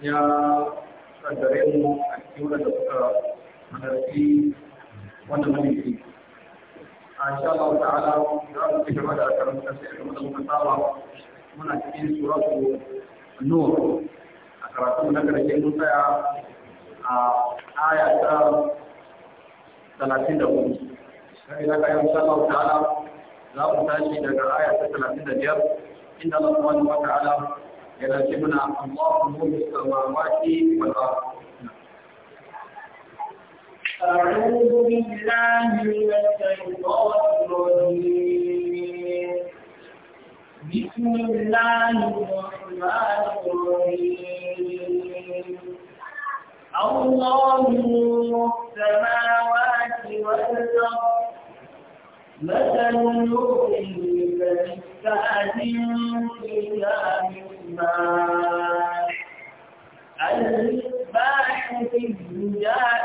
Ya ƙaddare mu a ƙiwu da suka zarfi wannan mulki a sha Allah ta'ala za mu saba na aya ta 34 sai Allah ta'ala za mu tashi daga aya ta inda Allah wa ta'ala ya dace muna Allahu أعوذ بالله من الشيطان الرجيم بسم الله الرحمن الرحيم الله السماوات والأرض مثل نوره كمشكاة فيها مصباح المصباح في الزجاج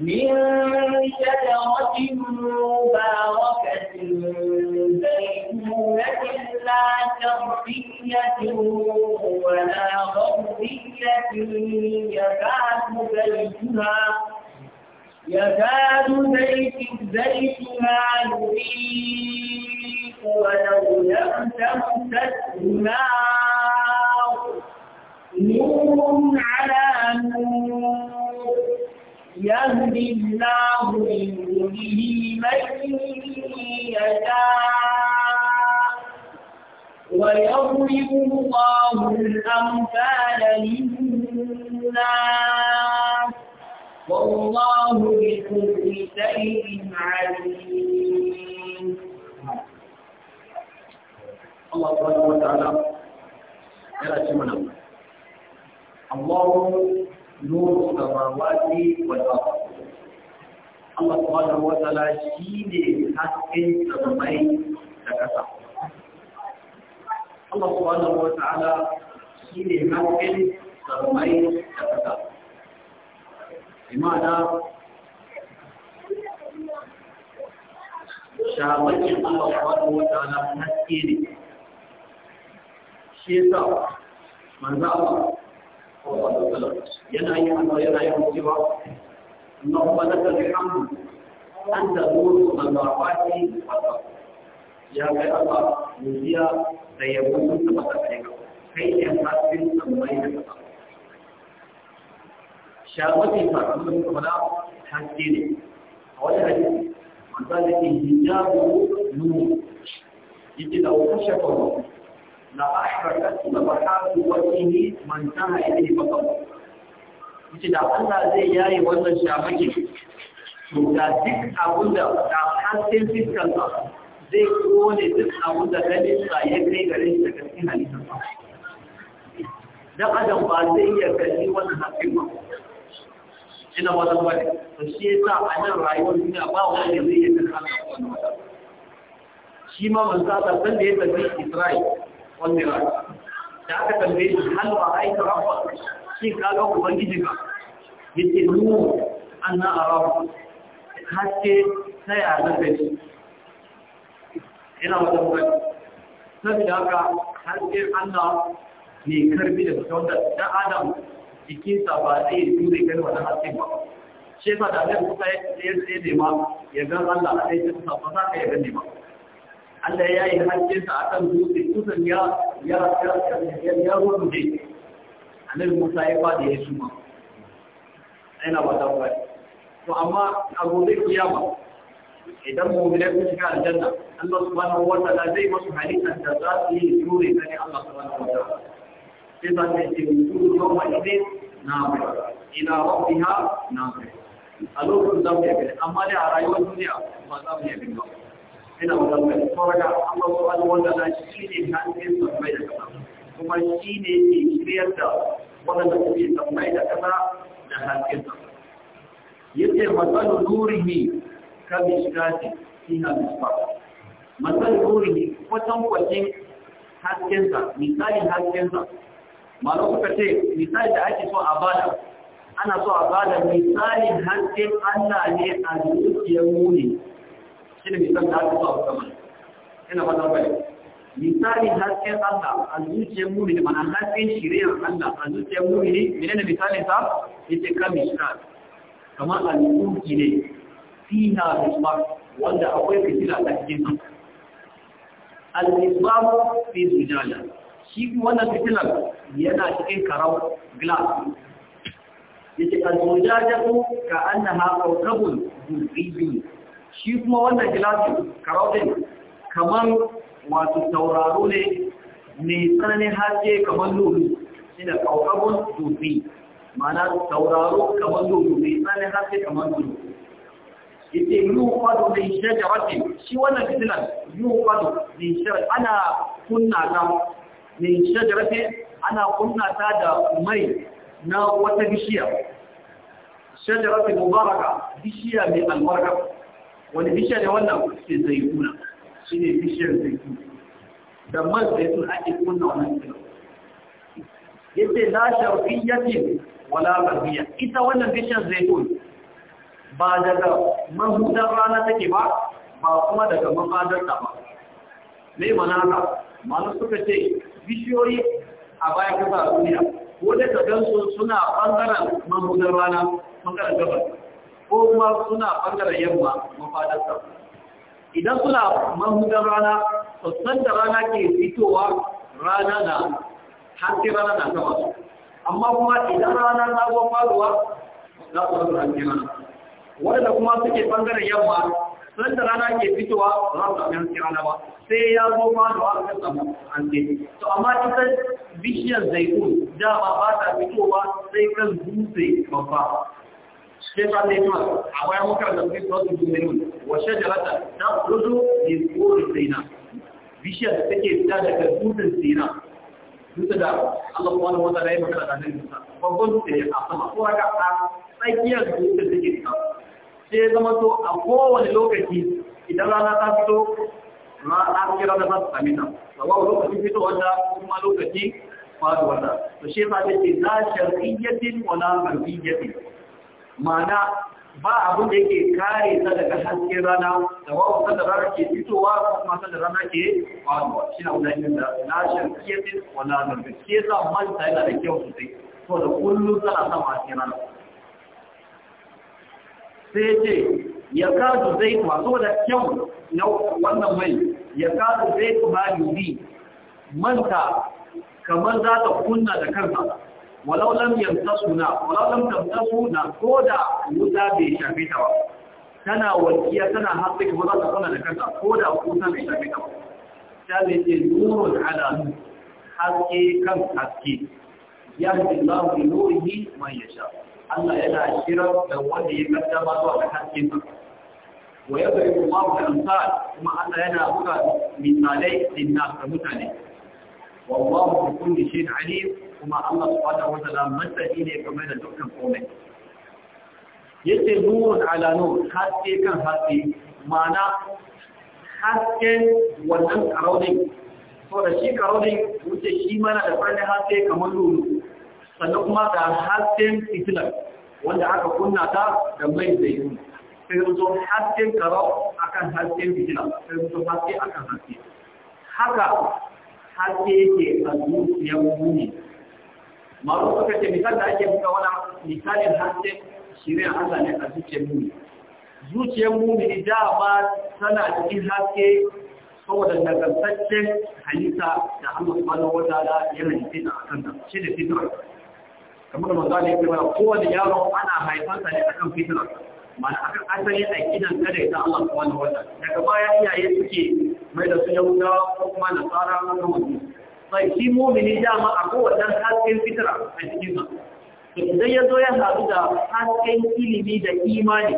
من شجرة مباركة زيتونة لا شرقية ولا غربية يكاد زيتها زيت زيتها يضيء ولو لم تمسسه نار نور على نور يهدي الله من به من يشاء ويضرب الله الأمثال للناس والله بكل شيء عليم الله سبحانه وتعالى يا رسول الله nuru samawati wal ardh Allah subhanahu wa ta'ala shine hasken samai da kasa Allah subhanahu wa ta'ala shine hasken samai da kasa imana shawakin Allah subhanahu wa ta'ala haske ne shi yasa manzo Allah yana yi hannu yana yin mutuwa na ya kai aka da yabo sun da mata kai kai ne da a wani hadisi manzan da ke hijabu nuru yake da wata shafafa لأحرقت صفحات وجهه من انتهى إليه فقط yace da Allah zai yaye wannan shafaki to da duk abunda da hasken fiskar sa zai kone duk abunda da nisa ya kai gare shi daga cikin halittar sa dan adam ba zai iya gani wani hasken ba ina wata dan bane to shi yasa a nan rayuwar duniya ba wanda zai iya kalli wannan shi ma manzo Allah san da ya tafi Isra'il والمراج da aka tambaye shi hal ba aika rabba shi ka ga ubangiji ba yace nu anna arahu haske sai a zafe shi ina wata bukata da aka haske Allah ne karbi da fita da dan adam jikinsa ba zai dure gani wannan haske ba shi yasa da Allah ya tsaye da ma ya ga Allah sai ya tsaya ba za ka ya gani ba Allah ya yi hajjinsa a kan dutse dutsen ya ya ya rubuce annabi Musa ya bada ya suma ina ba ta wai to amma a gobe kiyama idan mu'mina ku shiga aljanna Allah subhanahu wa da zai masu halittar da za su yi jure ta ne Allah subhanahu wa ta'ala sai ba ta ce mutu yau ma idin na bai ila rabbiha na bai a lokacin zamu yi amma da a rayuwar duniya ba za mu ba ina wadanda sauraka amma su an wanda na shi ne hannun sammai da kasa kuma shi ne ke shiryar da wadanda suke sammai da kasa da hannun sa yace matsalu nurihi ka bishkati ina bisfa matsalu nurihi kwatan kwacin hasken sa misalin hasken sa malam suka ce misalin da ake so a bada ana so a bada misalin hasken Allah ne a zuciyar mu ne shi ne misalin hasken zuwa kuka mana ina fata bai misali hasken Allah a zuciyar mumini mana hasken shiriyar Allah a zuciyar mumini mene ne misalin sa yace kamishkan kamar al'urki ne fiha misbah wanda akwai fitila a cikin sa al-misbah fi zujala shi wannan fitilar yana cikin karau glass yace al-zujala ka annaha kawkabun dhurriyyun shi kuma wannan gilasin karotin kamar wato tauraro ne mai tsananin haske kamar lulu shi da ƙauƙabon dubi mana tauraro kamar lulu mai tsananin haske kamar lulu ita yi kwado da shajaratin shi wannan fitilan yi kwado mai shajaratin ana kunna ta da shajaratin ana kunna ta da mai na wata bishiya shajaratin mubaraka bishiya mai albarka wani bishiya ne wanda ku ce zai kuna shi ne bishiyar zai kuna da man zai ake kunna wannan kira yace la sharfiyyatin wala barbiya ita wannan bishiyar zai kuna ba daga mahudan rana take ba ba kuma daga mafadar ta ba mai manaka malu suka ce bishiyoyi a baya kusa duniya ko da ka gansu suna ɓangaren mahudan rana ɓangaren gabar ko kuma suna bangaren yamma mafadarsa idan suna mahudar rana sassan da rana ke fitowa rana na haske rana na sama amma kuma idan rana na zuwa faruwa za su rasu haske rana waɗanda kuma suke bangaren yamma da rana ke fitowa za su sami haske rana ba sai ya zo faruwa a kan samu to amma ita bishiyar zaitun dama ba ta fitowa sai kan dutse babba shi sai a bayan wakar da suke ta da take fita daga dutsen sina da wani wata a ko a tsakiyar dutsen take fita to a kowane lokaci idan rana ta fito rana kira da za su sami ta lokacin fitowar da kuma lokaci faduwar da to shi yasa take la shar'iyyatin wala garbiyyatin ma'ana ba abin da yake kare ta daga hasken rana da wawo sanda rana ke fitowa ko kuma sanda rana ke faruwa shi na wulakin da lashin kesin wala da ke sa manta yana da kyau sosai to da kullum tana son hasken rana sai ce ya kazu zai kuma so da kyau na wannan mai ya kazu zai kuma yubi manta kamar za ta kunna da kansa walau lam yamtasuna walau lam tamtasuna koda wuta bai shafe ta ba tana walkiya tana hatsi kuma za ta kona da kanta koda wuta bai shafe ta ba ta bai ce nurun ala haske kan haske ya fi lahu bi nurihi man yasha Allah yana shirar da wanda ya kaddama zuwa ga hasken sa wa yadribu Allahu al-amsal kuma Allah yana buga misalai din nas mutane wallahu bi kulli shay'in alim kuma Allah subhanahu wataala masani ne game da dukkan komai yace nurun ala nur haske kan haske ma'ana haske wannan karaudin so da shi karaudin wuce shi mana da farin haske kamar lulu sannan kuma da hasken fitilar wanda aka kunna ta da mai yi. sai zo hasken karau akan hasken fitilar sai zo haske akan haske haka haske yake a zuciyar muni maru suka ce misal da ake buga wani misalin haske shirin Allah ne a zuciyar mumi zuciyar mumi da ba tana cikin haske saboda nagartaccen halitta da Allah subhanahu wata da yana rike fita a kan shi da fitar kamar maza ne ya ce kowane yaro ana haifansa ne a kan fitar mana kan asali a gidan kada ita Allah subhanahu wata. ta'ala daga baya iyaye suke mai da su yahudawa ko kuma nasara na kamar mai shi mumini dama a kowannen hasken fitira a cikin ma to idan ya zo ya haɗu da hasken ilimi da imani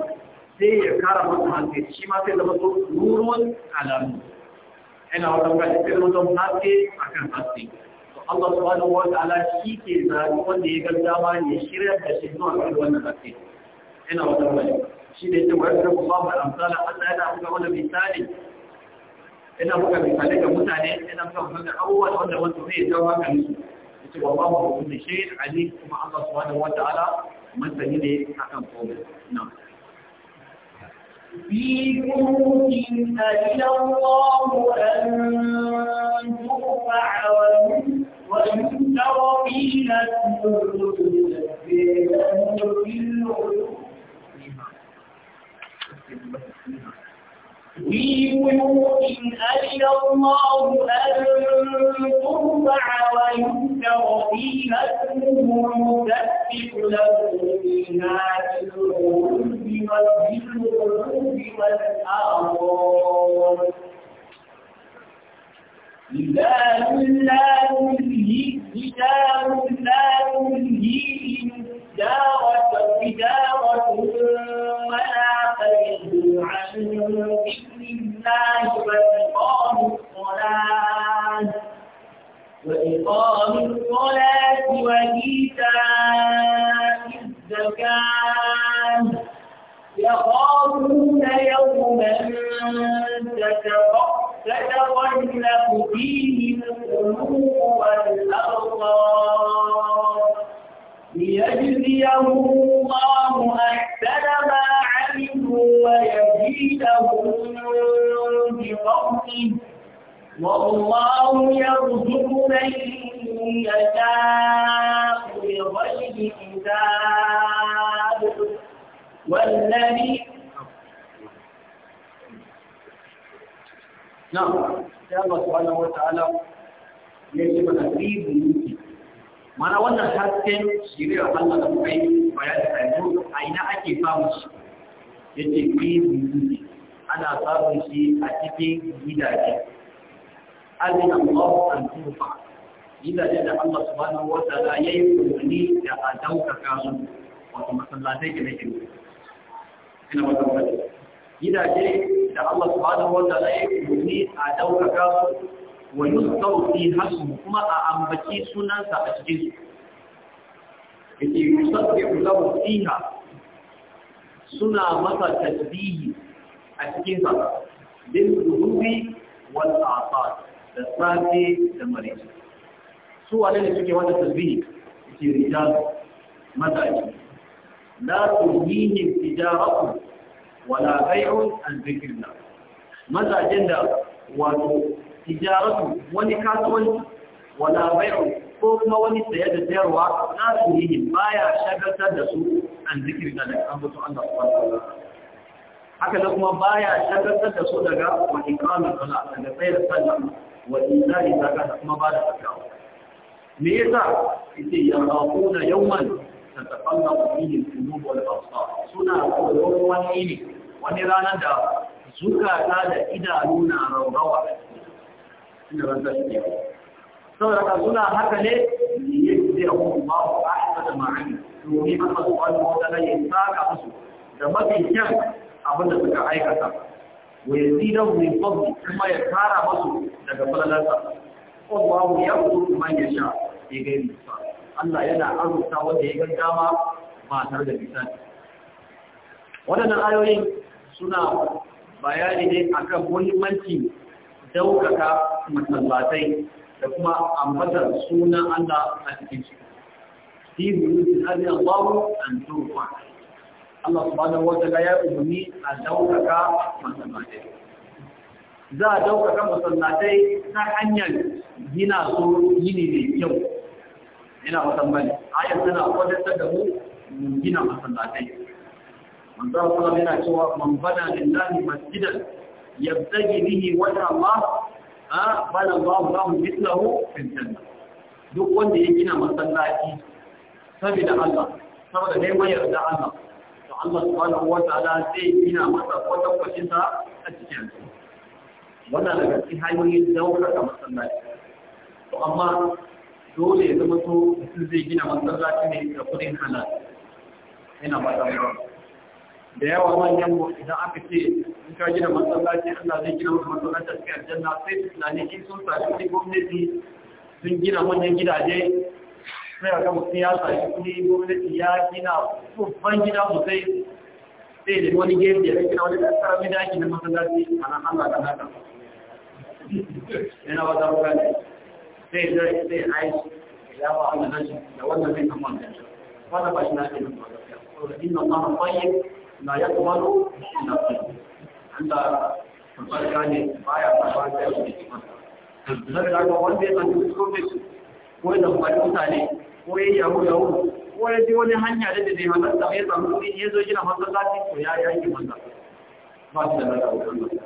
sai ya kara masa haske shi ma sai zama ruruwan alamu yana wata gani sai zama haske a kan haske to Allah subhanahu wa ala shi ke zaɓi wanda ya ga dama ne shirya da shi zuwa kan wannan haske yana wata gani shi ne ta wayar da kuma ba amsala Allah yana buga wani misali ina muka misalai ga mutane ina muka misalai abubuwa da wanda wanda zai jawo haka musu yace wallahu wa kulli shay'in alim kuma Allah subhanahu wa ta'ala masani ne akan komai na'am في كنوز أجل الله أن ترفع ويذكر فيها اسمه يسبح له في بيوت أذن الله أن ترفع ويذكر فيها اسمه له فيها بالغلب والجنود والأرض إذا لا تلهي كتاب لا تجارة تجارة ولا تجدوا عن ذكر الله وإقام الصلاة وإقام الصلاة وإيتاء الزكاة يخافون يوما تتقلب فيه القلوب والأبصار ليجزيه الله أحسن ما عملوا ويزيدهم من والله يرزق من يشاء بغير حساب والذي نعم الله سبحانه وتعالى يجب تقريبه mana wannan hasken shirya Allah da muka yi bayani a yanzu a ina ake samun shi yace fi ne ana samun shi a cikin gidaje azina Allah an tufa gidaje da Allah subhanahu wa ta'ala yayi umarni da a daukaka su wato masallatai ke nake ina wata wata gidaje da Allah subhanahu wa ta'ala yayi umarni a daukaka su wa yuzkaru fi hasmu kuma a ambaci sunansa a cikin su yake yusabbihu lahu fiha suna masa tasbihi a cikin sa bil dhuhubi wal asar da safe da mare su wane ne suke wata tasbihi ke rijal mazaji la tuhihim tijaratu wala bai'un an zikrillah mazajen da wato tijaratu wani kasuwanci wala bai'u ko kuma wani saye da sayarwa na yi baya shagaltar da su an zikiri da daga ambaton Allah subhanahu wa ta'ala haka da kuma baya shagaltar da su daga wa iqamin sala daga tsayar sallah wa izari zaka da kuma ba da zakka me ya yasa yace ya aquna yawman tatafalla fihi al-qulub wal absar suna ko wani ne wani ranar da zukata da idanu na raurawa inda ran ne suna haka ne yadda hu domin Allah subhanahu wa ta'ala ya da mafi abin da suka aikata wa yazidahu min fadli kuma ya daga falalarsa Allah ya Allah yana arzuta wanda ya ga ba tare da misali waɗannan ayoyin suna bayani ne akan muhimmanci daukaka masallatai da kuma ambatar sunan Allah a cikin su fi yuzin hadin Allah an turfa Allah subhanahu wa ta'ala ya umarni a daukaka masallatai za a daukaka masallatai ta hanyar gina su yini ne kyau ina wata mai ayat tana kwadatar da mu gina masallatai manzo Allah yana cewa man bada lillahi masjidan yabtagi bihi wajha Allah a bala Allah lahu mithlahu fil janna duk wanda ya gina masallaci saboda Allah saboda neman yarda Allah to Allah subhanahu wa ta'ala zai gina masa wata kwacin a cikin wannan daga cikin hanyoyin daukar masallaci to amma dole ya zama so mutum zai gina masallaci ne da kudin halal ina ba da da yawa manyan mu idan aka ce in ka gina masallaci Allah zai gina maka masallaci a cikin aljanna sai tunani shi sun sa shi gwamnati sun gina manyan gidaje sai a ga mutum ya sa shi kuɗi gwamnati ya gina babban gida sosai sai da wani gefe ya gina wani ƙasar mai daki na masallaci a nan Allah da naka yana ba za mu gane sai da sai a yi ya ba Allah nashi da wannan zai kama da shi wannan ba shi na ke nan ba gaskiya inna Allah n'a la yaqbalu na tayyib Allah tabarka ne baya karɓar da yau wanda ya ko ya zambaci mutane ko ya ko ya ji wani hanya da da zai halatta ya samu kuɗi ya zo gina masallaci ko ya yi aiki wanda ba shi da lafiya wannan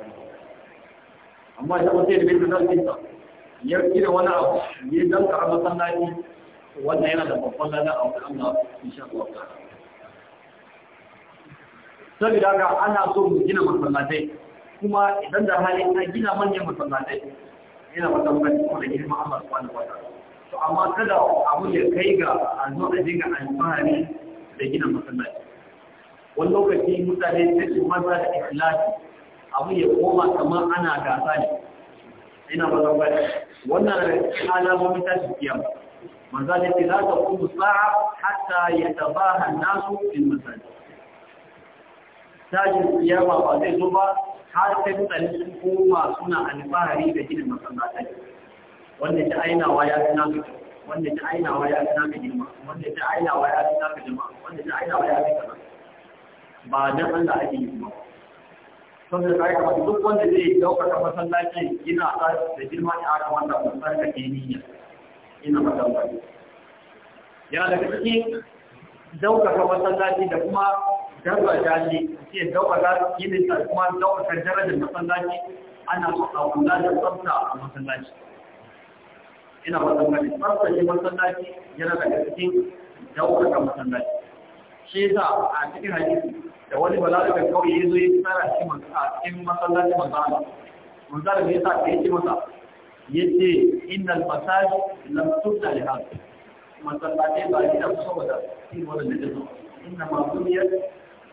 amma idan mutum ya bai da lafiya ya gina wani abu ya danka a masallaci wannan yana da babban lada a wajen Allah insha Allah saboda ga ana so mu gina masallatai kuma idan da hali na gina manyan masallatai ba wata ganin kuma da girma Allah subhanahu wa ta'ala to amma kada abu ya kai ga a zo a dinga alfahari da gina masallatai. wani lokaci mutane sai su maza da ikhlasi abu ya koma kamar ana gasa ne ina ba zan ganin wannan alamomin tashi kiyama manzo da ce za ta kuma sa'a hatta yatabaha nasu fil masajid tashin kiyama ba zai zo ba har sai mutane sun koma suna alfahari da ginin masallatai wanda ta ainawa ya fi naka wanda ta ainawa ya fi naka girma wanda ta ainawa ya fi naka jama wanda ta ainawa ya fi kaza ba dan Allah ake yi ba saboda kai ka duk wanda zai dauka masallaci yana da girma ya aka wanda mun sarka ke ina masallaci daga cikin dauka masallaci da kuma daraja ne ke daukaka yinin kuma daukaka darajar masallaci ana so a kula da tsafta a masallaci ina ba tsafta ne tsafta ne masallaci yana daga cikin daukaka masallaci shi yasa a cikin hadisi da wani balaga kawai ya zo ya tsara shi a cikin masallaci manzana manzana ne yasa ke yake masa yace innal masajid lam tubda li hada masallaci ba gidan saboda shi wannan da zo inna ma buniyat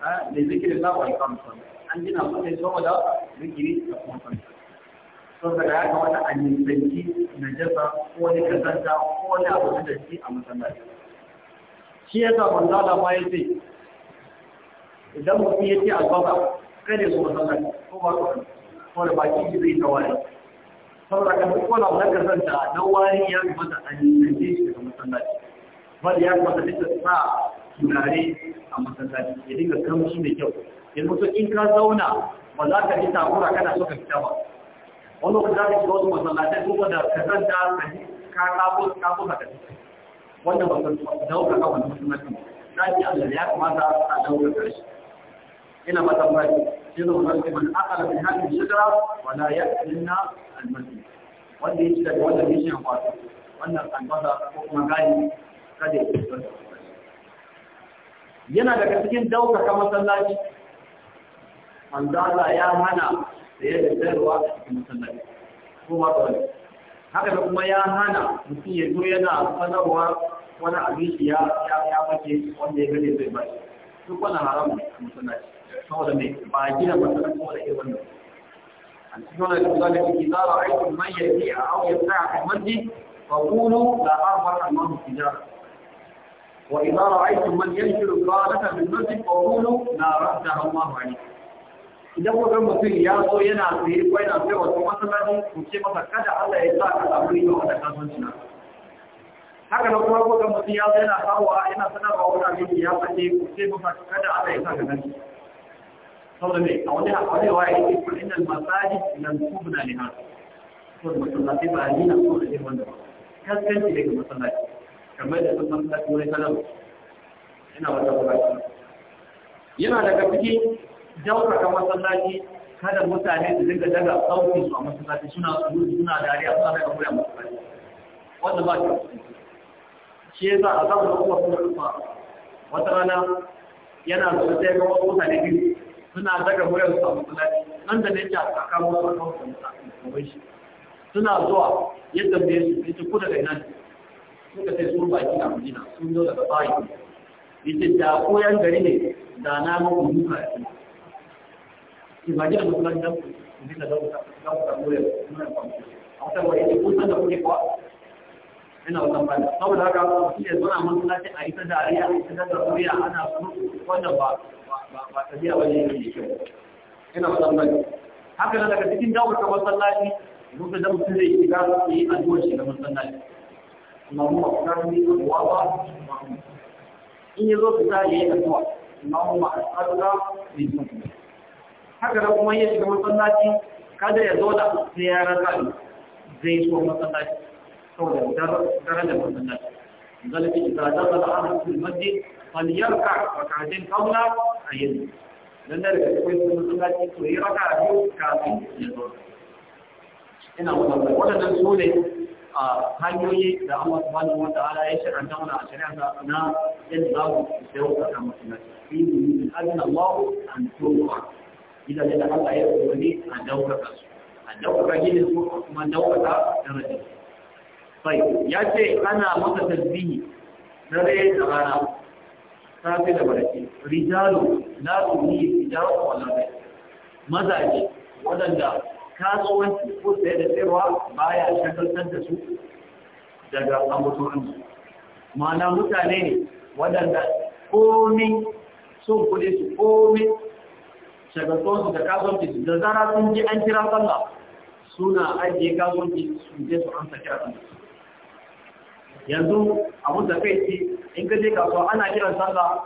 da zikirin za a yi kamsa an gina su ne saboda zikiri da kuma kamsa saboda ya kamata a na jasa ko wani kazanta ko wani abu da shi a masallaci shi ya sa manzo Allah ma yace idan mutum yace albaba kada su masallaci ko ba su ko da baki shi zai tawari saboda kan ko da wani kazanta na wari ya kamata a nisanci shi daga masallaci bal ya kuma duk da sa turare a masallaci ya dinga kamshi da kyau yanzu mutu in ka zauna ba za ka ji takura kana so ka fita ba wani lokaci za ka shiga wasu masallatai su da ka zanta ka ji ka kafo ka so ka fita wanda ba ka dauka ka wani masallaci zaki Allah ya kamata a dauka karshe ina mata ba shi ne wannan wani aqala min hadhihi shajara wa la ya'tina al-masjid wanda yake da wannan mission wato wannan albasa ko kuma gani kada ya fita yana daga cikin daukaka masallaci manzala ya hana saye da sayarwa a cikin masallaci ko ba wani haka da kuma ya hana mutum ya zo yana sanarwa wani abinci ya ya wanda ya gane zai bai. duk wani haram a masallaci saboda mai ba gina masallaci da irin wannan an cikin wani misali da ke zara aikin manyan biya a auyar sa a kan manji fa kulu la arba kan man tijara وإذا رأيتم من ينشر قالة من نسك وقولوا ناردها الله عليك إذا قلتم مثل ياسو ينعطيه وإن أصبح وثمتنا مجيبا فكذا ألا إساك الأمرين وأن أكاسون جنا هكذا لو قلتم مثل ياسو ينعطيه وإن أصبح وإن أصبح وإن أصبح وإن أصبح وإن أصبح ألا إساك صلى الله عليه وسلم قال لي واحد ان المساجد لم تبنى لهذا قلت له ما تبنى لي نقول له ما تبنى كيف كان لك المساجد kamar da sun masallaci wani sanar ina wata buƙaci yana daga ciki daukaka masallaci kada mutane su dinga daga sauƙi su a masallaci suna suna dariya suna daga murya masallaci wanda ba ta shi yasa a zama da kuma kuma kuma wata rana yana zuwa sai ga wasu mutane biyu suna daga murya su a masallaci nan da ne ta a kawo wasu kawo su a masallaci suna zuwa yadda bai su ita ko daga nan suka sai sun baki a Madina sun zo daga bayi yace da koyan gari ne da na mu muka ci ki baje da kuma da ku ne da dauka da ku da koyar muna kwamfi a wata wani ne kun da kuke kwa ina wannan bani saboda haka shi ne zuwa mun kula a ita da ariya ita da koya ana su wannan ba ba ba tafiya wani ne kyau ina wannan bani haka daga cikin dawo ta masallaci muka da mutum zai shiga su yi addu'a shiga masallaci imamu in ya zo ya yi addu'a imamu ma'asarra haka da kuma ya shiga masallaci kada ya zo da sai ya rasa zai so masallaci saboda darajar masallaci zalafi idan da ana cikin masjid falyarka kajin kauna a yanzu dan da daga cikin masallaci to yi raka biyu kafin ya zo ina wannan wadannan su ne hanyoyi da Allah subhanahu wa ta'ala ya shiranta mana a shari'a na yadda za mu sayo kasa masallaci fi min adna Allah an tuwa idan da Allah ya umarni a daukaka su a daukaka ginin su kuma daukaka darajar su bai ya ce ana maka tasbihi dare da rana safi da barci rijalu la tuhi tijaratu wala bai mazaje wadanda wanci ko sai da tsirwa ya shakaltar da su daga su ma'ana mutane ne waɗanda komi sun kuɗe su komi shagaltuwarsu da kasuwanci da zara sun ji an kira sallah suna ajiye kasuwanci su je su an sakira sallah yanzu a mutu kai ce in ka je kasuwa ana kiran sallah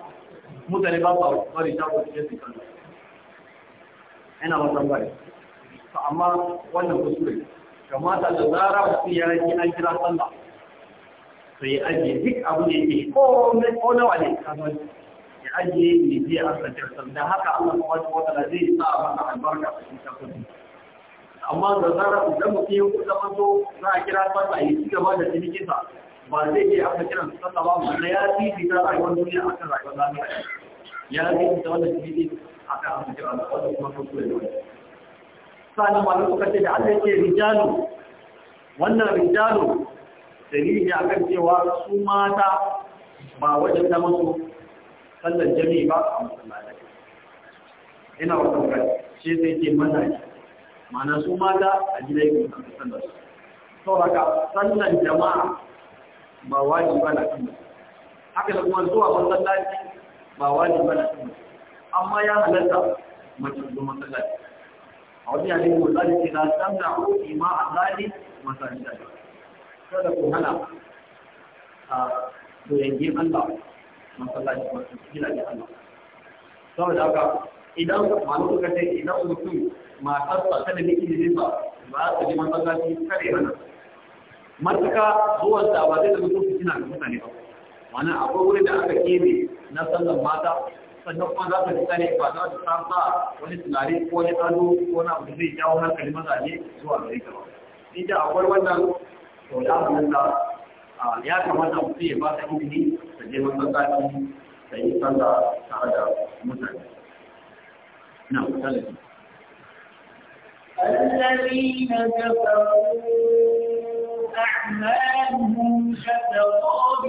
mutane ba su wari shago su je su sallah ina wasan bari to amma wannan kuskure kamata da zara mutum ya yi an kira sallah to ya ajiye duk abu ne yake ko ko nawa ne kasuwanci ya ajiye ne je a tsantar sanda haka Allah subhanahu wata ta'ala zai sa masa albarka a cikin kasuwanci amma da zara idan mutum ya kusa mato za a kira sallah ya ci gaba da cikin sa ba zai ke aka kira sallah ba mu ya fi ta rayuwar duniya akan rayuwar lafiya ya fi ta wannan cinikin akan aka kira sanda wannan kuma kuskure ne sanan wani suka ce da Allah yake rijalu wannan rijalu dalili akan cewa su mata ba wajen da musu sallan jami'i ba a musulmai ina wata kai shi sai ke mazaje mana su mata a gina ne kan sallar su haka sallan jama'a ba ba na kan haka da kuma zuwa masallaci ba ba na kan amma ya halatta mace zuwa masallaci wani yanayi ko zai ce na san da ko ima a zali masanin kada ku hana a doyangin Allah masallaci masu gidajen Allah saboda haka idan malu suka ce idan mutum matarsa ta da miki jininsa ba ba su ji masallaci kare mana matuka zuwan da ba zai da mutum fitina ga mutane ba wannan akwai wurin da aka kebe na sallan mata sannan kuma za ka ji tsare ba za ta sa wani tunani ko wani ado ko na abu zai jawo hankali mazaje zuwa gare ka ba In da akwai wannan to ya kamata mutum ya ba ta ilimi da je masallaci da yi sallah tare da mutane na mutane الذين كفروا أعمالهم كسراب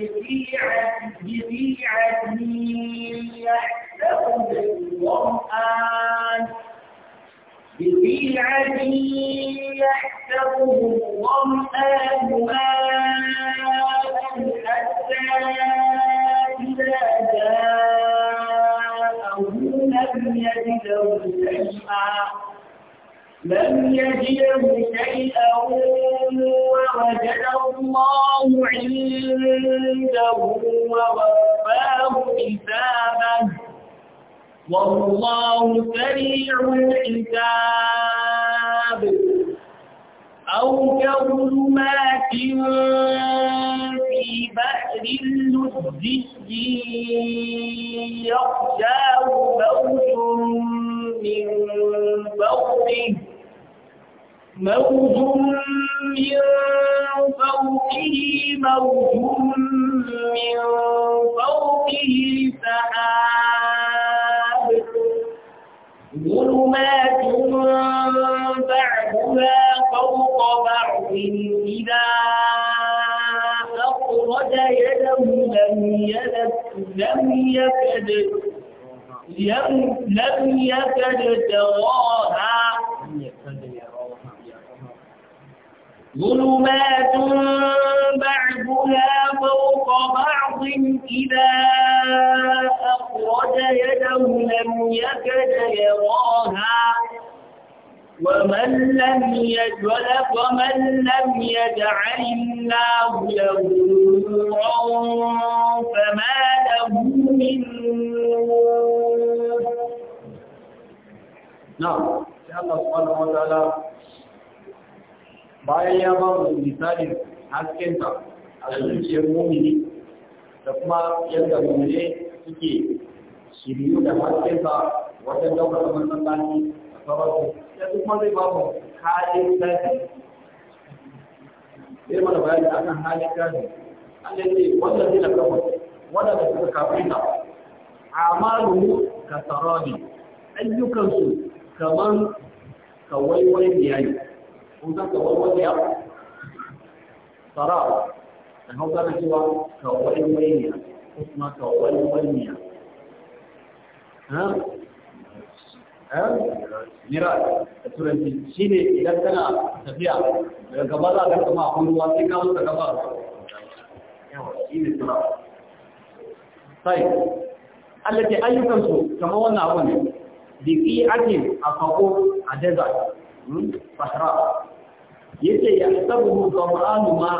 بضيعة يحسبه الظمآن ماء حتى إذا جاءه لم يجده شيئا لم يجده شيئا ووجد الله عنده ووفاه حسابه والله سريع الحساب أو كظلمات في بحر اللجي يخشاه موت من فوقه موج من فوقه موج من فوقه سحاب ظلمات بعدها فوق بعض إذا أخرج يده لم يلد لم يكد لم يكد تراها ظلمات بعضها فوق بعض إذا أخرج يده لم يكد يراها ومن لم يجعل ومن لم يجعل الله له نورا فما له من نور نعم الله سبحانه وتعالى bayan ya ba mu misalin haskenta a zuciyar mumini da kuma yadda mumine suke shiryu da haskenta wajen daukar masallaci da sauransu ya kuma zai ba mu halin zafi sai mana bayani akan halin zafi Allah ya ce wanda zai lafa wanda da suka kafirta amalu kasarani ayyukansu kamar wani-wani biyayi kun ka wani ya tsarawa da hausa da cewa ka wani wani ko kuma ka wani wani ya mira da turanci shi ne idan kana tafiya daga gaba za ka kama a ruwa sai ka wuce gaba yawa shi ne tsarawa sai Allah ke ayyukansu kamar wannan abu ne biki ake a fako a desert sahara yace ya sabu zama'anu ma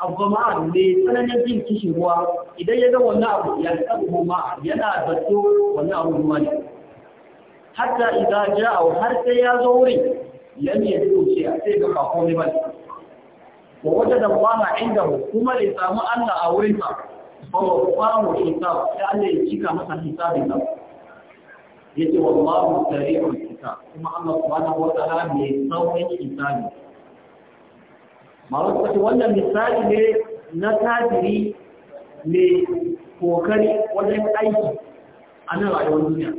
azzama'an ne tsananin jin kishirwa idan ya ga wannan abu ya sabu ma yana zato wannan abu ruwa ne hatta idan ja'a har sai ya zo wuri, yan ya ce a sai ga ba komai ba wa wajada Allah indahu kuma ya samu Allah a wurin sa fa wa qamu hisab sai Allah ya cika masa hisabin nan yace wallahu sari'ul hisab kuma Allah subhanahu wa ta'ala mai saurin hisabi masu ce wannan misali ne na tajiri mai kokari wajen aiki a nan rayuwar duniya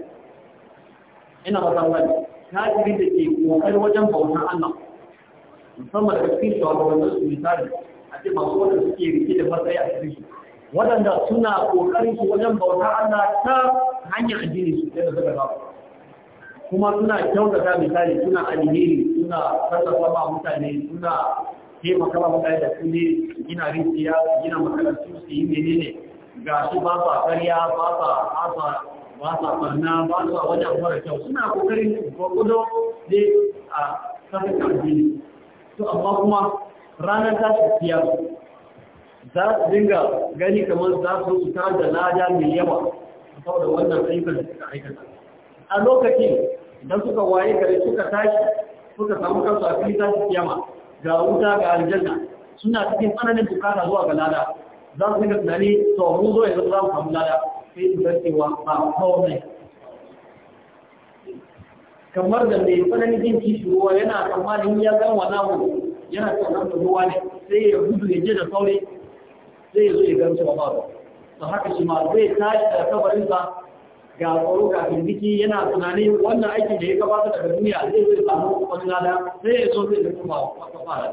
ina ba zan gani tajiri da ke kokari wajen bautan allah musamman da cikin da su misali a ce masu wanda suke rike da matsayi a cikin shi. waɗanda suna kokarin su wajen bauta allah ta hanyar addini su da suka zaɓa kuma suna kyautata misali suna alheri suna sarrafa ba mutane suna taimaka wa mutane da kulle gina rijiya gina makarantu su yi menene ga su ba sa karya ba sa asa ba sa barna ba sa wajen mara kyau suna kokarin gwagwado ne a kafin addini to amma kuma ranar ta su za su dinga gani kamar za su fitar da lada mai yawa saboda wannan ayyukan da suka aikata a lokacin idan suka waye gari suka tashi suka samu kansu a fili za su kiyama ga wuta ga aljanna suna cikin tsananin bukata zuwa ga lada za su ga tunani to mu zo ya zama mu lada sai su ga cewa ba kawai kamar da mai tsananin jin kishi ruwa yana tsammanin ya zan wa namu yana tsammanin da ruwa ne sai ya gudu ya je da sauri sai ya zo ya gan su ba ba haka shi ma zai tashi da sa. ga tsoro ga firgiki yana tunanin wannan aikin da ya gabata daga duniya zai zai samu wani lada sai ya zo zai zama wata fara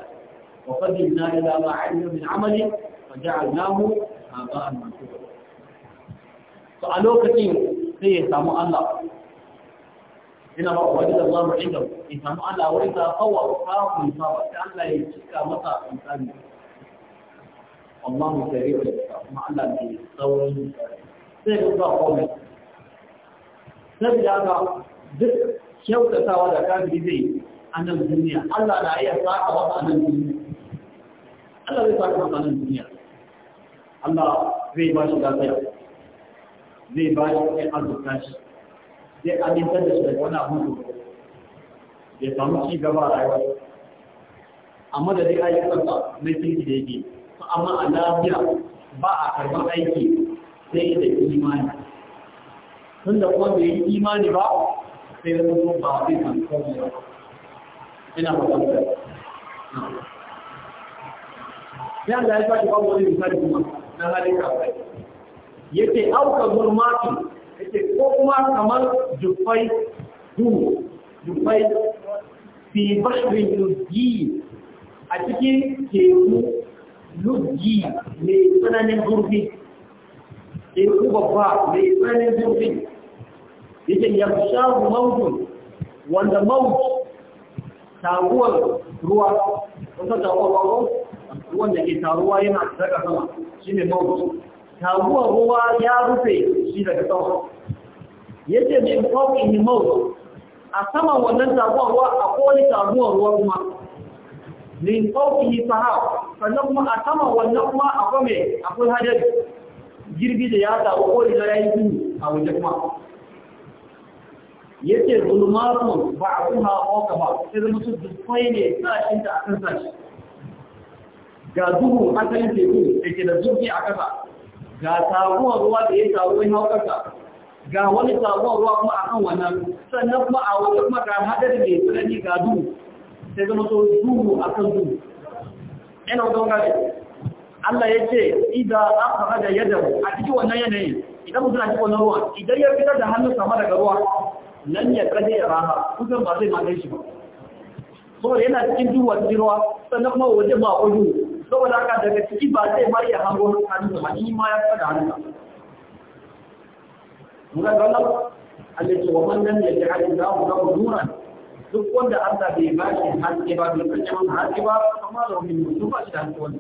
wa fadilna ila ma ilmu min amali fa ja'alnahu haba'an mansura to a lokacin sai ya samu Allah ina ba wa da Allah mu'inda ya samu Allah wa idza qawwa qawmun fa Allah ya cika masa insani Allah mu tare da kuma Allah ne saurin sai ga qawmi saboda haka duk kyautatawa da kafiri zai a nan duniya Allah na iya saka masa a nan duniya Allah zai saka masa a nan duniya Allah zai ba shi lafiya zai ba shi kai arzuta shi zai amintar da shi daga wani abu da ya samu ci gaba a rayuwa amma da aiki ayyukansa mai sinki da yake amma a lafiya ba a karɓar aiki sai da imani tun da kuma bai yi imani ba sai da kuma ba a zai san komai ba ina ba zan da ya da ya sake ba wani misali kuma na halin kawai yace auka ya ce ko kuma kamar dufai duhu dufai fi bahrin yuzgi a cikin teku luggi mai tsananin zurfi teku babba mai tsananin zurfi yake shahu mawjun wanda mawj taguwar ruwa wata taguwar ruwa ruwan da ke taruwa yana daga sama shine mawj taguwar ruwa ya rufe shi daga sama yace min fawqihi mawj a saman wannan taguwar ruwa A akwai taguwar ruwa kuma min fawqihi sahab sannan kuma a saman wannan kuma akwai me akwai hadari girbi da ya taru ko da yayi a wajen kuma yake zulmatu ba'dha aqaba ba sai zama su dukkai ne sashin a akan sashi ga duhu akan teku da ke da zurfi a kasa ga taruwa ruwa da ya taru in hau ga wani taruwa ruwa kuma akan wannan sannan kuma a wata kuma ga hadari mai tsanani ga duhu sai zama so duhu akan duhu Ina wadon gari Allah ya ce idan aka hada yadda a cikin wannan yanayin idan mutum a cikin wannan ruwa idan ya fitar da hannun sama daga ruwa nan ya kaje ya raha, kusan ba zai magai shi ba So yana cikin duwa jirwa sannan kuma waje ba kudu saboda haka daga ciki ba zai mari ya hango hannun ba ni ma ya fada hannun muna galar alaƙi wa wannan ya ji halin za mu zama nuran duk wanda Allah bai ba shi haske ba bai kace masa haske ba amma da wani mutum ba shi da haske wani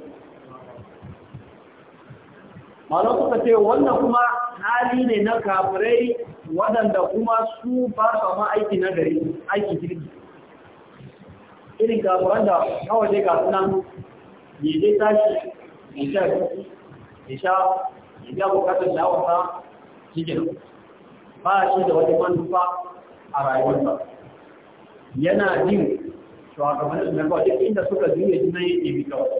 malam suka ce wannan kuma hali ne na kafirai waɗanda kuma su ba su ma aiki na gari aiki jirgi irin kafiran da kawai dai kafin nan ne zai tashi ne sha ne sha ne ga bukatar da hawa cikin ba shi da wani manufa a rayuwarsa yana jin shugabannin da kawai duk inda suka juya jina ya ɗebi kawai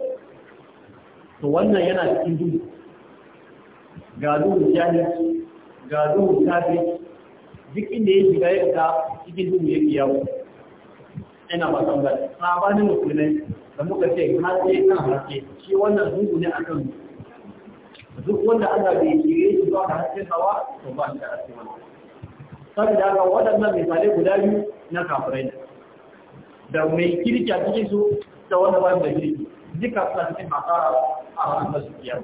to wannan yana cikin duniya gado duhun jahilci ga da duk inda ya shiga ya ta cikin duk ya fi yawo ina ba san ba ni mutune da muka ce ce kan shi wannan duhu ne a kan duk wanda Allah bai shirye shi ba da hasken hawa to ba shi da haske wannan saboda haka waɗannan misalai guda biyu na kafirai da mai kirki a cikin su da wanda ba da kirki duka suna cikin hasara a ranar su kiyar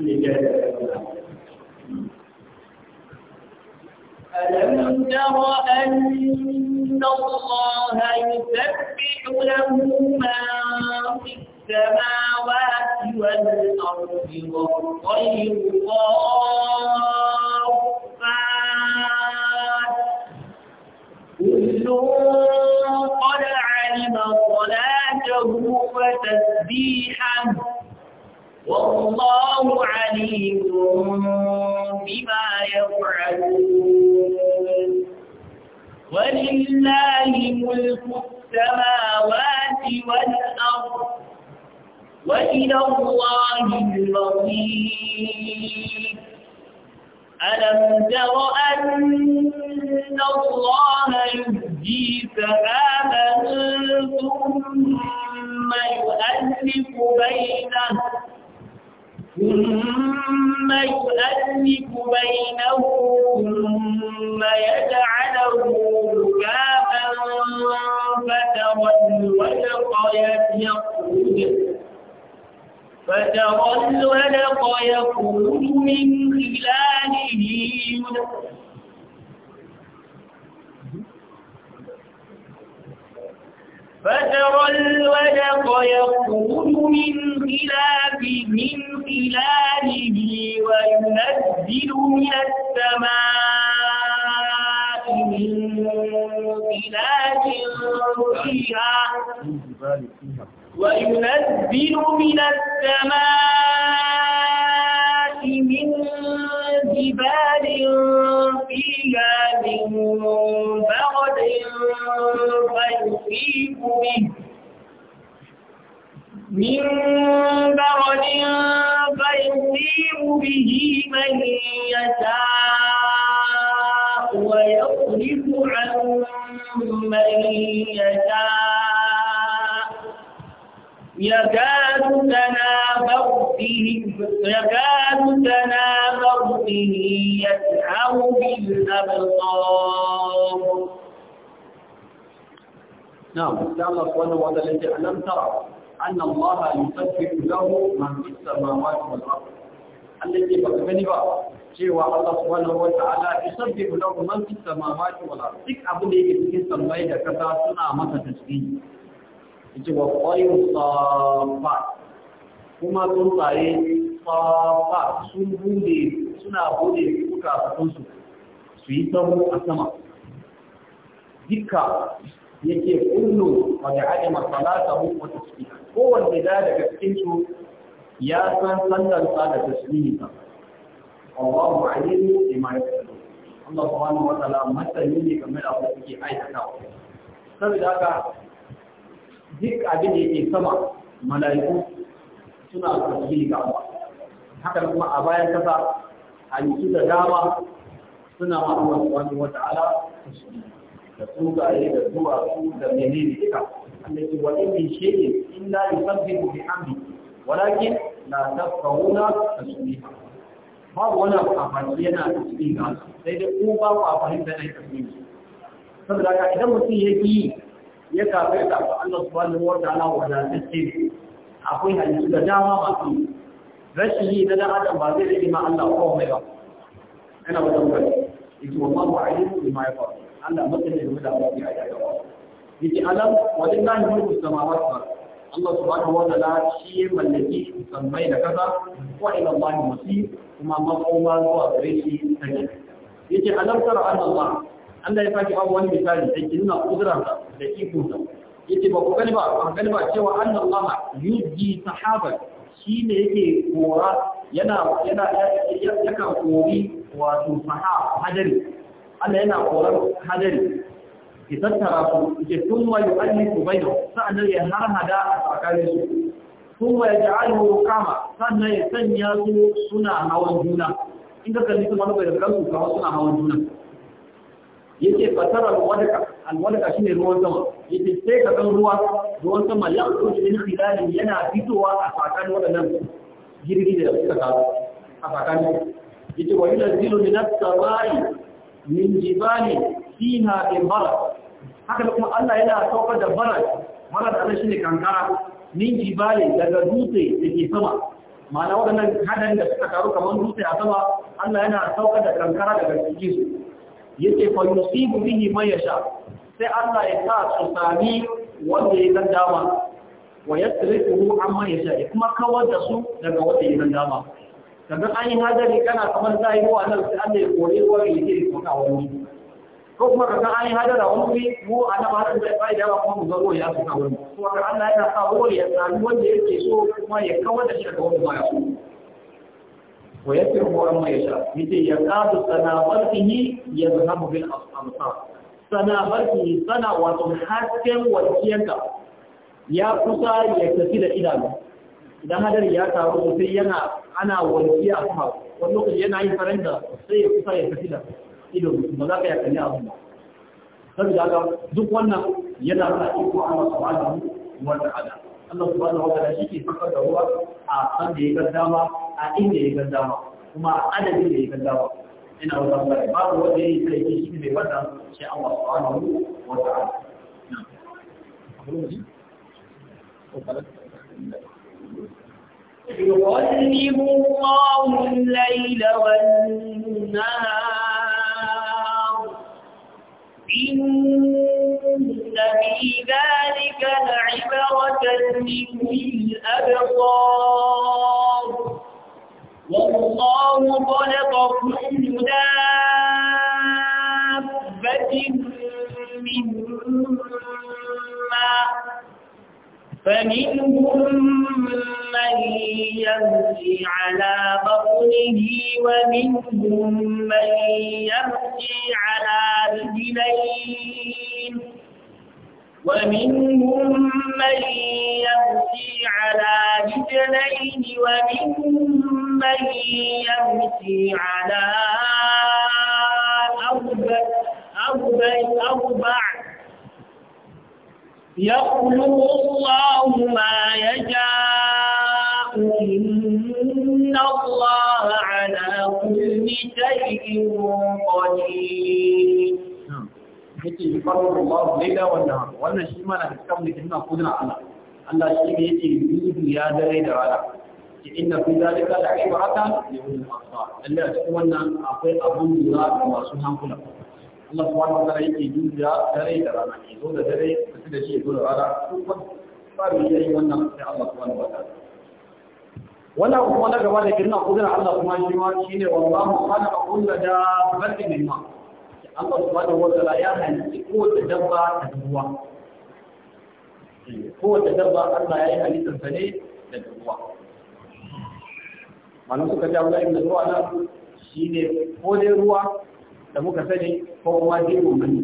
Allah ya yi da ألم تر أن الله يسبح له ما في السماوات والأرض والطير صافات كل قد علم صلاته وتسبيحه والله عليم بما يفعلون ولله ملك السماوات والأرض وإلى الله المصير ألم تر أن الله يهدي سحابا ثم يؤلف بينه ثم يؤلف بينه ثم يجعله ركابا فترى الولق يخرج فترى الولق يخرج من خلاله فترى الودق يخرج من خلاف من خلاله وينزل من السماء من خلاف فيها وينزل من السماء من جبال فيها من برد فيصيب به من برد فيصيب به من يشاء ويصرف عن من يشاء يكاد تنافر به يكاد تنافر برده يسحر بالأبصار نعم الله سبحانه وتعالى الذي لم ترى أن الله يسبح له من في السماوات والأرض الذي بكمني بقى cewa Allah subhanahu wata'ala yusabbihu lahu man fis samawati wal ardh duk abin da yake cikin sammai da yace wa qayru safa kuma tsuntsaye safa sun bude suna bude suka su su yi tsawo a sama dukka yake kullu wanda adama salatahu wa tasbihu kowanne da daga cikin su ya san sallar sa da tasbihi ba Allahu alimu bima yaqulu Allah subhanahu wa ta'ala masani ne game da abin da yake aikatawa saboda haka duk abin da yake sama mala'iku suna tasbihi ga Allah haka kuma a bayan kasa halittu da dama suna ma'amuwa wani subhanahu wata'ala tasbihi da tsugaye da zuwa su da menene duka Allah mai wa in shay'in illa yusabbihu na walakin la su ne Ba wani abu a faɗi yana ne ga su sai dai ko ba ku a fahimta na tasbihi saboda haka idan mutum ya yi ya kafai da Allah subhanahu wa ta'ala wadatacce akwai halittu da dama masu rashin yi na dan adam ba zai rage ma Allah ko mai ba Yana ina ba a yi wallahu alimu bima yafal Allah masani game da abin da ya yi Yake alam walillahi mulku samawati wal Allah subhanahu wata ta'ala shi ya mallaki sammai da kaza wa ila Allah masir kuma makoma zuwa gare shi take Yake alam tara anna Allah Allah ya faki babu wani misali da ke nuna kudurarsa da ikonsa yace ba ku gani ba ba gani ba cewa annan Allah yuji sahaban shi ne yake kora yana yana kan kori wato sahab hadari Allah yana koran hadari ki tattara su ke tumma yu'allifu bainahu sa'adar ya harhada a tsakanin su Tun kuma ya ja'alhu kama sannan ya sanya su suna hawan juna in ka kalli kuma ba da kansu kawo suna hawan juna yake al wadaka alwadaka shine ruwan sama yake sai ka san ruwa ruwan sama ya kuce ne khilalin yana fitowa a fakan wadannan girgi da suka kawo a fakan yake wani da zilo ne na tsaba'i min jibali fiha min barak haka kuma Allah yana saukar da barak barak da shine kankara min jibali daga dutse ke sama ma'ana wadannan hadan da suka taro kamar dutse a sama Allah yana saukar da kankara daga cikin su yake fa yusibu bihi man yasha sai Allah ya sa su sami wanda ya san dama wa yasrifuhu amma yasha ya kuma kawar da su daga wanda ya san dama kaga an yi hadari kana kamar zai ruwa nan sai Allah ya kore ruwa ya ce ko ka wani ko kuma kaga an yi hadara wani wuri mu a nan har da bai da kuma mu zo ya su ka wani to kaga Allah yana sa ruwa ya sami wanda yake so kuma ya kawar da shi daga wanda ba ya so wa yafiru ran mai sha yace ya qadu sanabartihi yazhabu bil amsar sanabartihi sana wato hasken wakiyanka ya kusa ya tafi da idanu idan hadari ya taru sosai yana ana walkiya a kuma wani lokaci yana yin faranta sai ya kusa ya tafi da ido ba ka ya kalli abu ba saboda haka duk wannan yana sa iko Allah subhanahu shi ke da ruwa a san da ya dama a inda ya ga dama kuma a adadin da ya ga dama ina wannan bai babu wanda ya yi kai shi ne wannan sai Allah subhanahu wa ta'ala يقلب الله الليل والنهار إن في ذلك لعبرة لكل الأبصار والله خلق خلقكم دابة مما فمنهم من يمشي على بطنه ومنهم من يمشي على رجلين ومنهم من يمشي على رجلين ومنهم من يمشي على أربع أربع يخلق الله ما يشاء إن الله على كل شيء قدير yake yi faru da Allah laila wannan wannan shi ma na da kan da kuma Allah Allah shi ne yake dubu ya dare da rana ki inna fi zalika la ibrata li ulil absar Allah cikin wannan akwai abun lura ga masu hankula Allah subhanahu wa ta'ala yake dubu ya dare da rana ki zo da dare ki da shi zo da rana kuma ba ya yi wannan sai Allah subhanahu wa ta'ala wannan kuma na gaba da kirna kudin Allah kuma shi ma shine wallahu khalaqa kullu dabbatin ma' Allah subhanahu wa ta'ala ya halitta kowace dabba ta ruwa kowace dabba Allah ya yi halittar ta ne daga ruwa malam suka ja wani da ruwa shi ne ko dai ruwa da muka sani ko kuma dai gomani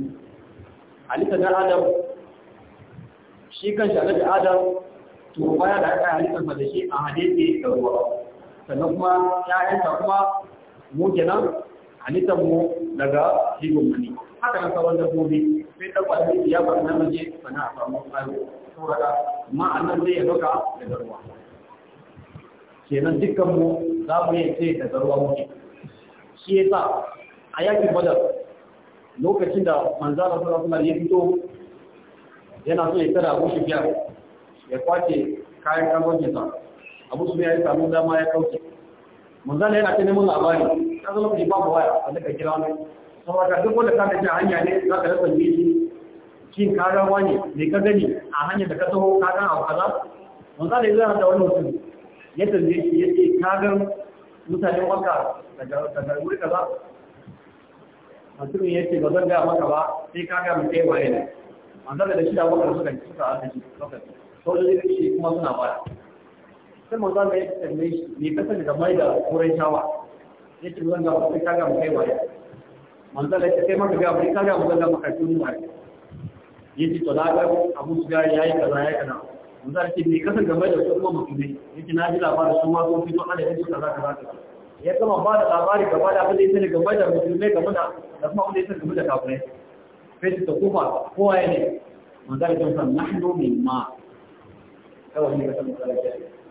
halittar na adam shi kan shi annabi adam to baya da aka halittar sa da shi a hadisi da ruwa sannan kuma ya ya'yanta kuma mu kenan halittar mu daga jigon mani haka na sauran dabbobi sai ɗauka da ya faru na mace sana a samu ƙayo amma ma'anar zai ya ɗauka daga ruwa kenan dukkan mu za mu yi sai daga ruwa muke shi ya sa a yakin badar lokacin da manzara sura suna ya fito yana so ya tara abu biyar ya kwace kayan kamar sa abu su ya yi samun dama ya kauce manzan yana ta neman labari ta zama kashi babu waya a daga kira wani saboda duk wanda ka da hanya ne za ka rasa miji cin ka wani ne ka gani a hanyar da ka taho ka kan abu kaza manzan da da wani mutum ya tambaye shi ya ce ka ga mutane wanka daga wuri kaza mutumin ya ce ba zan gaya maka ba sai ka ga mutai waye ne manzan da shi da wakar suka suka arziki lokaci sojoji da shi kuma suna baya. sai manzo Allah ya tsalle shi ne kasance da mai da kurai shawa yake ruwan ga kai ga mu kai waya manzo Allah ya kai maka ga mu ga mu ga maka tun waya ce to ga Abu ya yi kaza yayi kaza manzo Allah ya kasance da mai da kuma musulmi ce na ji labarin su ma sun fito ana yin kaza kaza kaza ya kama ba da labari gaba da abin da ya sani gaba da musulmai gaba da da kuma abin da ya sani gaba da kafirai sai su takufa kowa ya ne manzo Allah ya san nahnu mimma kawai ne ka san manzo Allah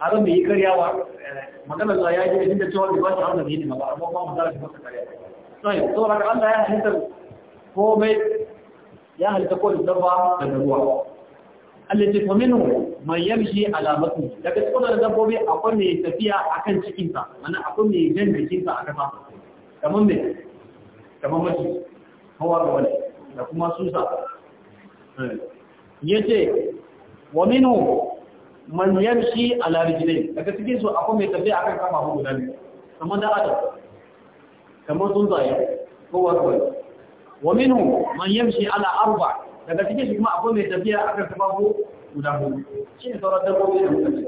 a ran yi karya wa eh, maganar da ya ji da cewa bai ba shi hanzar yi ne ba amma kuma mu zara shi masa karya ne. So raka Allah ya halitta komai ya halitta ko da dabba da ruwa Allah ya fa minhu man yamshi ala daga cikin da dabbobi akwai mai tafiya a kan sa mana akwai mai jan jikin a aka fa kamar me kamar mace hawa ga wani da kuma susa eh. Ya ce wa minhu man yamshi ala rijlai daga cikin su akwai mai tafiya akan kama ko guda ne kamar da adam kamar tsuntsaye ko wato wa minhu man yamshi ala arba daga cikin su kuma akwai mai tafiya akan kama ko guda ne shi ne sauran dabbobi da mutane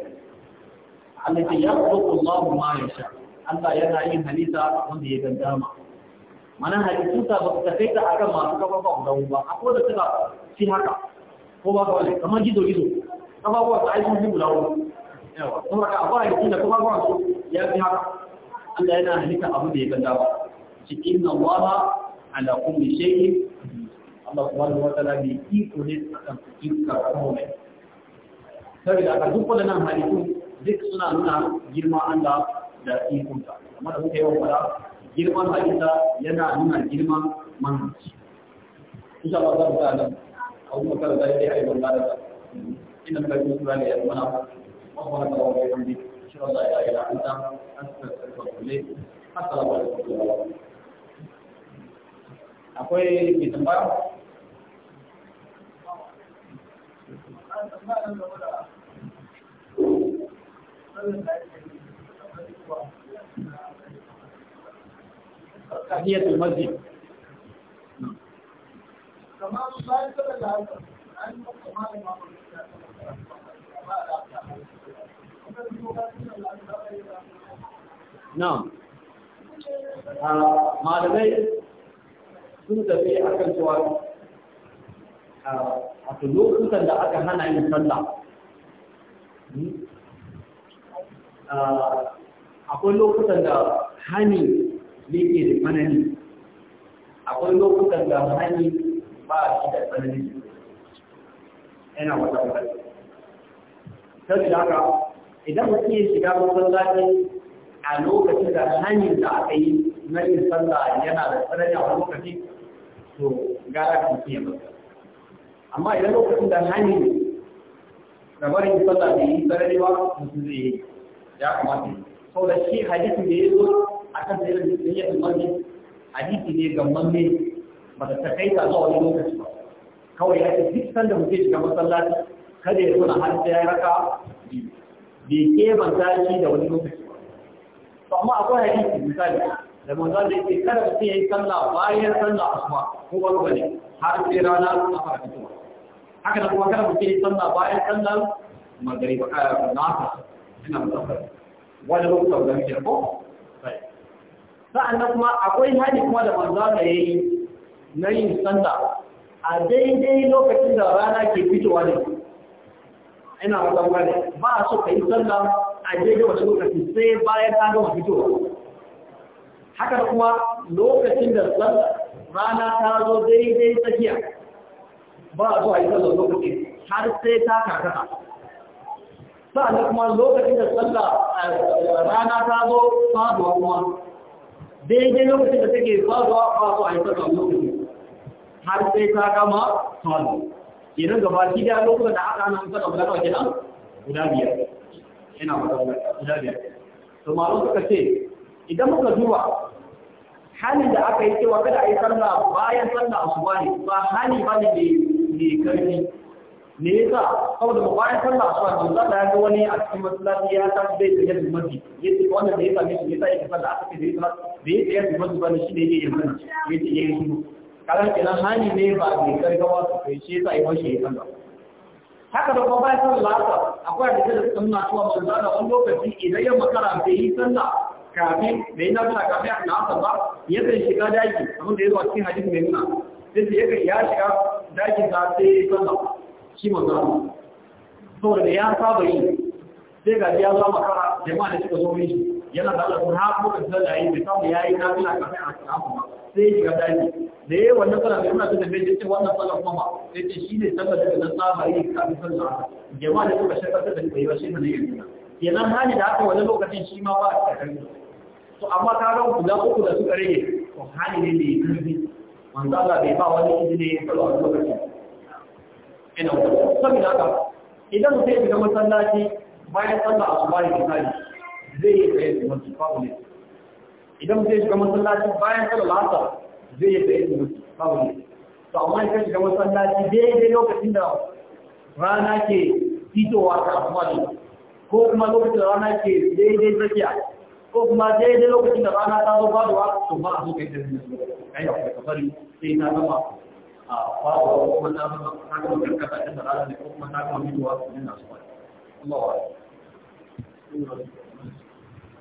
Allah ya yaqulu Allahu ma yasha Allah yana yin halitta wanda ya gandama mana ta ba kai tafaita akan masu kafa ba guda ba akwai da suka fi haka ko ba ka kamar gizo gizo kafafuwa su aiki guda uku yawa kuma ka abuwa yake da kafafuwa su ya fi haka Allah yana halitta abu da ya ganda ba shi inna Allah ala kulli shay'in Allah subhanahu wa ta'ala bi iko ne akan dukkan komai saboda ka duk wadannan halittu duk suna nuna girma Allah da ikonta amma da kuka yi wa fara girman halitta yana nuna girman manhaji insha Allah za mu ta nan a wani makarar da ya yi a yi wanda da إنك لا يجوز أن يأمنه وهو لك الله بحمدك أشهد أن لا إله إلا أنت أستغفرك وأتوب إليك السلام عليكم akwai mai tambaya? تحية المسجد تمام ما يصل لهذا Na'am. Ah, malamai sun tafi a kan cewa a ah, lokutan da aka hana yin sallah. Hmm? Ah, akwai lokutan da hani ke da tsanani, akwai lokutan da hani ba shi da tsanani. yana wata wata saboda haka idan mutum ya shiga masallaci a lokacin da hanyar da aka yi na yin sallah yana da tsanani a wani lokaci to gara ka mutum ya masa amma idan lokacin da hanyar da barin sallah da yi tsanani ba mutum zai yi ya kamata sau da shi hadisin da ya zo a kan sayar da ya yi hadisi ne ga mamme ba ta takaita zuwa wani lokaci kawai ya ce duk sanda mutum shiga masallaci kada ya zuna har sai ya raka bai kebanta shi da wani lokaci ba amma akwai hadisi misali da manzon da yake kada mutum ya yi sallah bayan sallah asuba ko wani bane har sai rana a fara fitowa haka da kuma kada mutum ya yi sallah bayan sallah magariba a nasa ina musaffar wani lokuta da muke ko sa'an nan kuma akwai hali kuma da manzon da yayi na yin sallah a daidai lokacin da rana ke fitowa ne ina wata wani ba a so ka yi sallah a daidai wasu lokaci sai bayan ta gama fitowa haka kuma lokacin da rana ta zo daidai tsakiya ba a so a yi sallah lokaci har sai ta karkata sannan kuma lokacin da sallah eh, rana ta zo faduwa kuma daidai lokacin da take faduwa ba so a yi sallah lokaci har sai ka gama tawallu kenan gaba ki da lokacin da aka nan saka guda kawai kenan guda biyar ina yana guda guda biyar to malu suka ce idan muka duba halin da aka yi cewa kada a yi sallah bayan sallah asuba ne ba hali ba ne ne karfi me yasa saboda bayan sallah asuba ne za ta ga wani a cikin masallaci ya san zai tsaye da mafi yace wannan da ya same shi yasa yake sallah aka ce da yasa da yake tsaye da mafi ba ne shi ne yake yin wannan yace yayin shi kaga kenan hani ne ba mai gargawa su kai shi yasa yi mashi ya ba haka da kuma bayan sallah akwai da da suka nuna cewa manzana wani lokaci idan ya makara bai yi sallah kafin da na suna kafin a nasa ba yakan shiga daji abin da ya zuwa cikin hadisi mai nuna sai su ya shiga daji ta sai ya sallah shi manzana saboda ya saba yi sai ga ya zama makara jama'a da suka zo mai shi yana da Allah har ko da sallah yi bai samu yayi na bila kafin a salamu sai ya ga dani da yayi wannan sallah bai muna da bai ce wannan sallah kuma ba sai ce shi ne sallah da nan saba yi kafin sallah jama'a da suka shaka da bai ba shi ne yayi kenan hali da aka wani lokacin shi ma ba a cikin to amma ka ga guda uku da suka rage to hali ne da ya karfi manzo Allah bai ba wani izini ya sallah lokacin ina saboda haka idan sai ya ga masallaci bayan sallah asuba ya misali zai yi tsaye da mutu babu idan zai shiga masallaci bayan kada lasa zai yi tsaye da mutu babu ne to amma ya shiga masallaci daidai lokacin da rana ke fitowa ta asmani ko kuma lokacin da rana ke daidai tsakiya ko kuma daidai lokacin da rana ta zo faduwa to ba a zo kai tsaye da mutu kai da kafari sai na gama a faduwa kuma na gama ta gama karkata da rana ne ko kuma ta gama fitowa su nuna su ba Allah wa Thank you.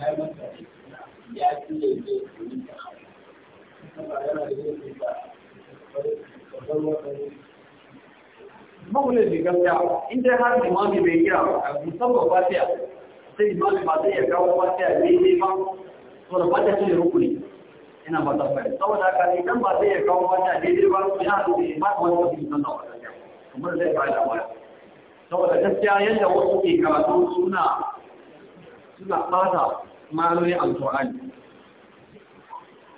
Mahulun gaskiya inda har limami bai iya musamman fatiya sai limami ba zai iya kawo fatiya ne ne ba to da fatiya shi ne rukuni ina ba ta fari saboda haka idan ba zai iya kawo fatiya ne ne ma'anonin alƙur'ani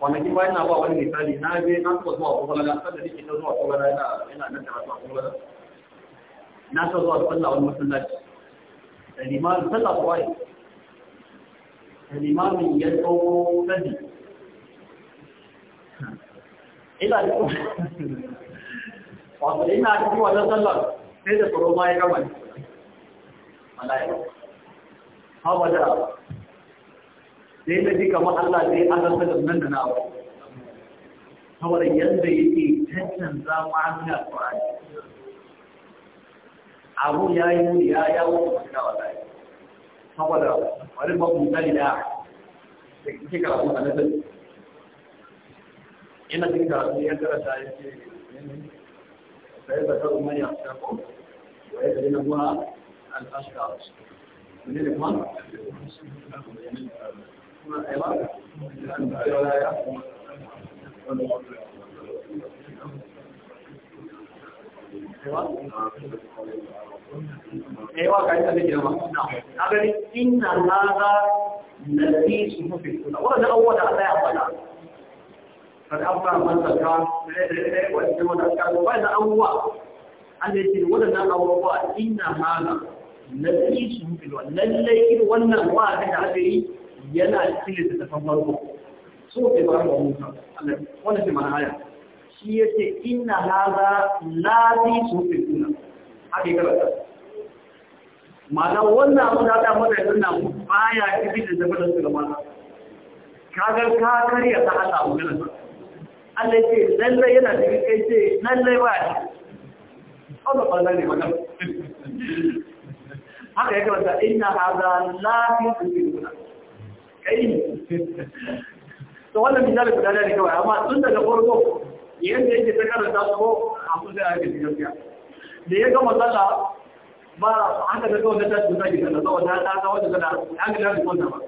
kwanaki ba yana ba wani misali na je na taɓa zuwa kokolala sanda nake ta zuwa kokolala yana nan da rasuwa kokolala na taɓa zuwa sallah wani masallaci da limamin sallah kuwa da limamin ya tsawo sadi ina da kuma wato ina da kuma wajen sallah sai da tsoro ma ya gama ne mala'iku hawa da sai na ji kamar Allah zai azarta da nan da na abu saboda yadda yake cancanza ma'amina Qur'ani abu ya yi ya yawo da wallahi saboda wani babu misali da kike karatu a nan ina jin karatu ya karanta ya ce sai da karu mai yasa ko wai da yana kuma al-ashqa ne ne kuma aiwa ka yi girma na agari na fi su mafi kuna an abuwa da allah ya fada kada abuwa mazaka wadda wadda ka gaba an da yake waɗannan abubuwa ina laza na fi su mafi kuna lallai wannan wa da aka yi yana cikin da ta farko so ke ba mu mutum Allah wannan ke ma'ana aya shi yace inna hadha lazi kuna, haka ke ba mana wannan abu da ta mata yanzu na baya kifi da ta farko mana kagar ka kariya ta hada magana ta Allah ce lalle yana da kai ce lalle ba shi Allah ba lalle magana haka yake ba inna hadha lazi kuna. kai to wannan misali guda ne kawai amma tun daga farko yadda yake ta karanta su ko a kun sai a yake gaskiya da ya gama sallah ba haka da kawai ta tsuta ki sallah saboda ta ta wata tana an ga da kunna ba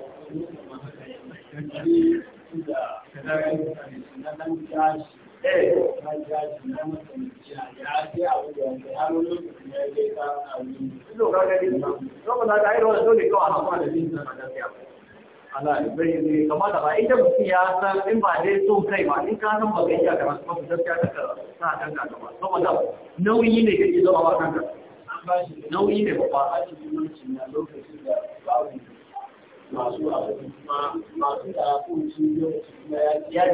eh. Ilo ga gani, lokacin da ya yi wani dole kawai a hafa da jin sana gaskiya. ala bai ne kamata ba ita mutum ya san in ba dai son kai ba in ka san ba zai iya karatu ba ku gaskiya ka sa kanka gaba saboda nauyi ne kake zama ba kanka nauyi ne ba ba a cikin lokacin da babu masu yi ya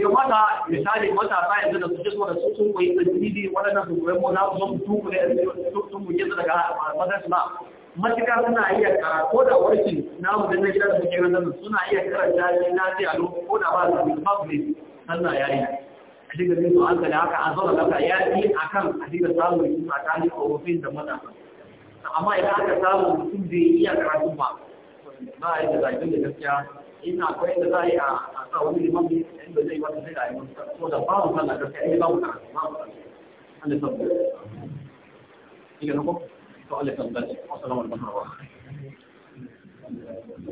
yawan bai misali matasa yanzu da su jisuwa da su sun su mona sun tuku sun buke su daga madarsu ba matuka suna iya kara ko da suna iya karanta shi lafiya ko da ba su ba su ne sannan shiga min mu'azzala haka azara laka ya yi akan a shiga samun mutum a tsakanin korofin da matasa amma idan aka samu mutum bai iya karatu ba ba a yi da zafin da gaskiya Ina akwai da za a yi a sa wani liman ne inda zai wata sai da a yi masa so da babu sallah gaskiya in babu karatu babu karatu an da sabu ila na ko to Allah ya sabu da assalamu alaikum